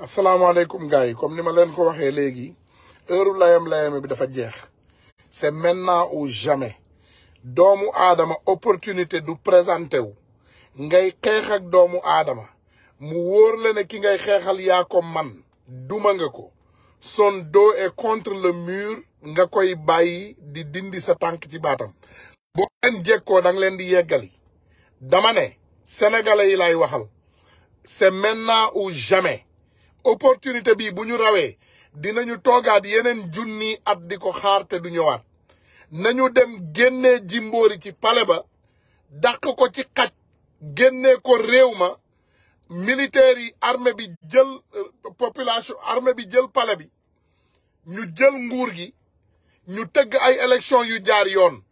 asalaamaaleykum gars comme ni ma leen ko waxee léegi heure layam-layame bi dafa jeex c'est maintenant ou jamais doomu aadama opportunité du présenté wu ngay xeex ak doomu aadama mu wóor la ne ki ngay xeexal yaa ko man duma nga ko son dos est contre le mur nga koy bàyyi di dindi sa tànk ci baatam boo leen jekkoo da nga leen di yeggali dama ne sénégalais yi lay waxal c'est maintenant ou jamais opportunité bii bu ñu rawee dinañu toogaat yeneen junni at di ko xaar te du ñëwaat nañu dem génnee jimboori ci pale ba daq ko ci xaj génnee ko réew ma militaires yi bi jël euh, population armée bi jël pale bi ñu jël nguur gi ñu tëgg ay élection yu jaar yoon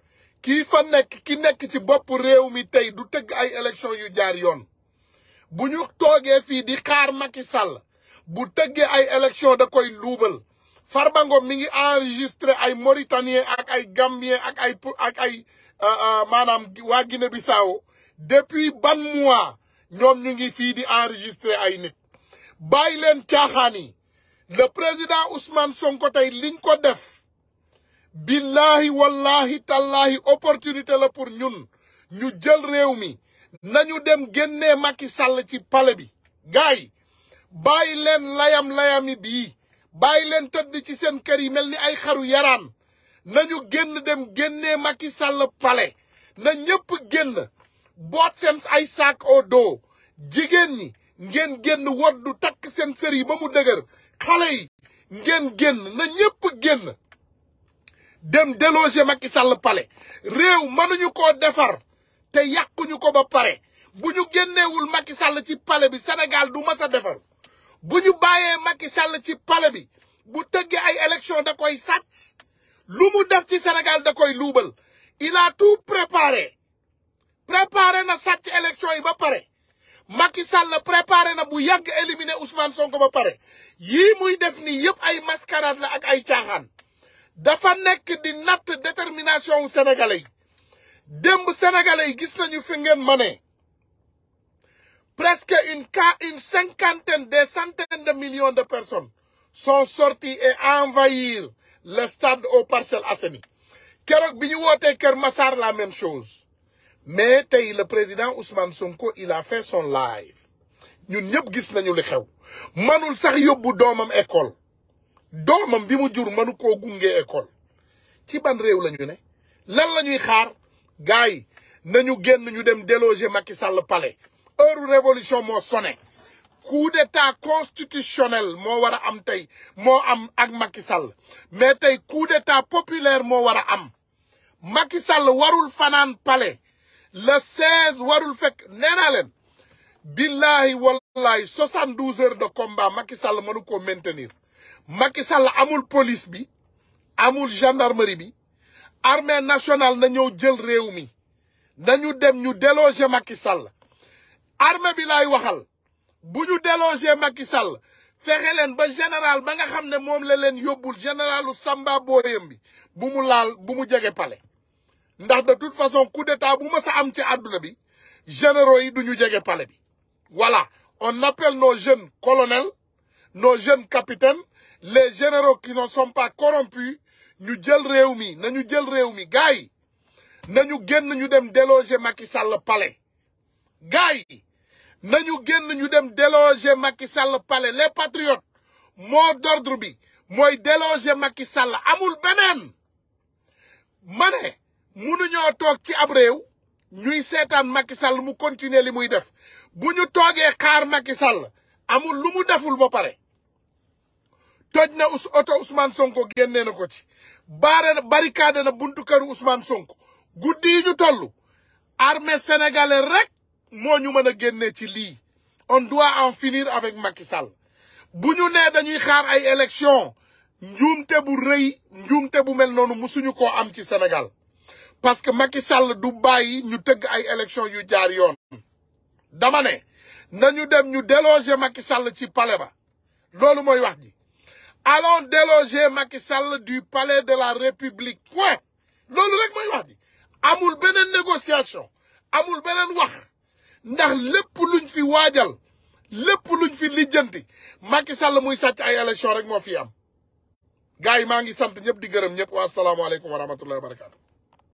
kii fa nekk ki nekk ci bopp réew mi tey du tëgg ay élection yu jaar yoon bu ñu toogee fii di xaar Macky sàll bu tëggee ay élection da koy luubal Farba Ngom mi ngi enregistré ay Mauritanien ak ay Gambien ak ay ak ay euh, euh, maanaam waa Guinée Bissau depuis ban mois ñoom ñu ngi fii di enregistré ay nit bàyyi leen caaxaan yi le président Ousmane Sonko tey liñ ko def billahi wallahi tallahi opportunité la pour ñun ñu jël réew mi nañu dem génnee makki Sall ci pale bi gars yi bàyyi layam-layami bii bàyyi leen tëdd ci seen kër yi mel ni ay xaru yaraan nañu génn dem génnee Macky Sall palais na ñëpp génn boot seen ay sac au jigéen ñi ngeen génn woddu takk seen sër yi ba mu dëgër xale yi ngeen génn na ñëpp génn dem déloger Macky Sall réew mënuñu ko defar te yàquñu ko ba pare bu ñu génnewul Macky Sall ci pale bi Sénégal du mas a defar bu ñu bàyyee Macky Sall ci palais bi bu tëggee ay élection da koy sàcc lu mu def ci senegal da koy luubal il a tout préparé na sàcc élection yi ba pare Macky Sall préparé na bu yàgg éliminer Ousmane Sonko ba pare yii muy def nii yëpp ay mascarade la ak ay caaxaan dafa nekk di natt détermination wu yi démb sénégalais yi gis nañu fi ngeen manee presque une, cinquantaine, des centaines de millions de personnes sont sorties et envahir le stade au parcelle Assainies Kerok Massar la même chose mais le président Ousmane Sonko il a fait son live ñun fait gis nañu li xew manul sax école Domam bi mu jur manu école ci ban la né lan lañuy xaar gaay nañu déloger palais heure révolution moo sonné coup d'état constitutionnel moo war a am tey moo am ak Macky Sall mais tey coup d'état populaire moo war a am Macky Sall warul fanaan palais le 16 warul fekk nee naa leen billahi wallahi 72 heures de combat Macky Sall mënu ko maintenir Macky Sall amul police bi amul gendarmerie bi armée national na ñëw jël réew mi nañu dem ñu déloger Macky Sall Arme bi laay waxal buñu déloger délogé Macky Sall ba général ba nga xamné ne la len Samba Boréem bi bu mu laal palais de toute façon coup d'état bu sa am ci bi généraux yi duñu palais voilà on appelle nos jeunes colonels nos jeunes capitaines les généraux qui ne sont pas corrompus ñu jël réew mi nañu jël réew mi nañu dem déloger palais gaay nañu génn ñu dem déloger Macky Sall palais les patriotes mot d'ordre bi mooy déloger Macky Sall amul beneen ma ne mënuñoo toog ci ab réew ñuy seetaan Macky Sall mu continuer li muy def bu ñu toogee xaar Macky Sall amul lu mu deful ba pare toj na us oto Ousmane Sonko génnee na ko ci baare na barricade na buntu këru Ousmane sonk guddi yi ñu toll armée sénégalaise rek moo ñu mën a ci lii on doit en finir avec Macky Sall bu ñu nee dañuy xaar ay élections njuumte bu rëy njuumte bu mel noonu am ci Sénégal parce que Macky Sall du bàyyi ñu tëgg ay élections yu jaar yoon. dama nañu dem ñu déloger Macky Sall ci palais ba loolu wax allons déloger Macky Sall du palais de la République point loolu rek mooy wax ji amul négociation amul benen wax. ndax lépp luñ fi waajal lépp luñ fi lijjanti Macky Sall muy sàcc ay élection rek moo fi am gars yi maa ngi sant ñëpp di gërëm ñëpp waa salaamaaleykum wa rahmatullahi wa barakatu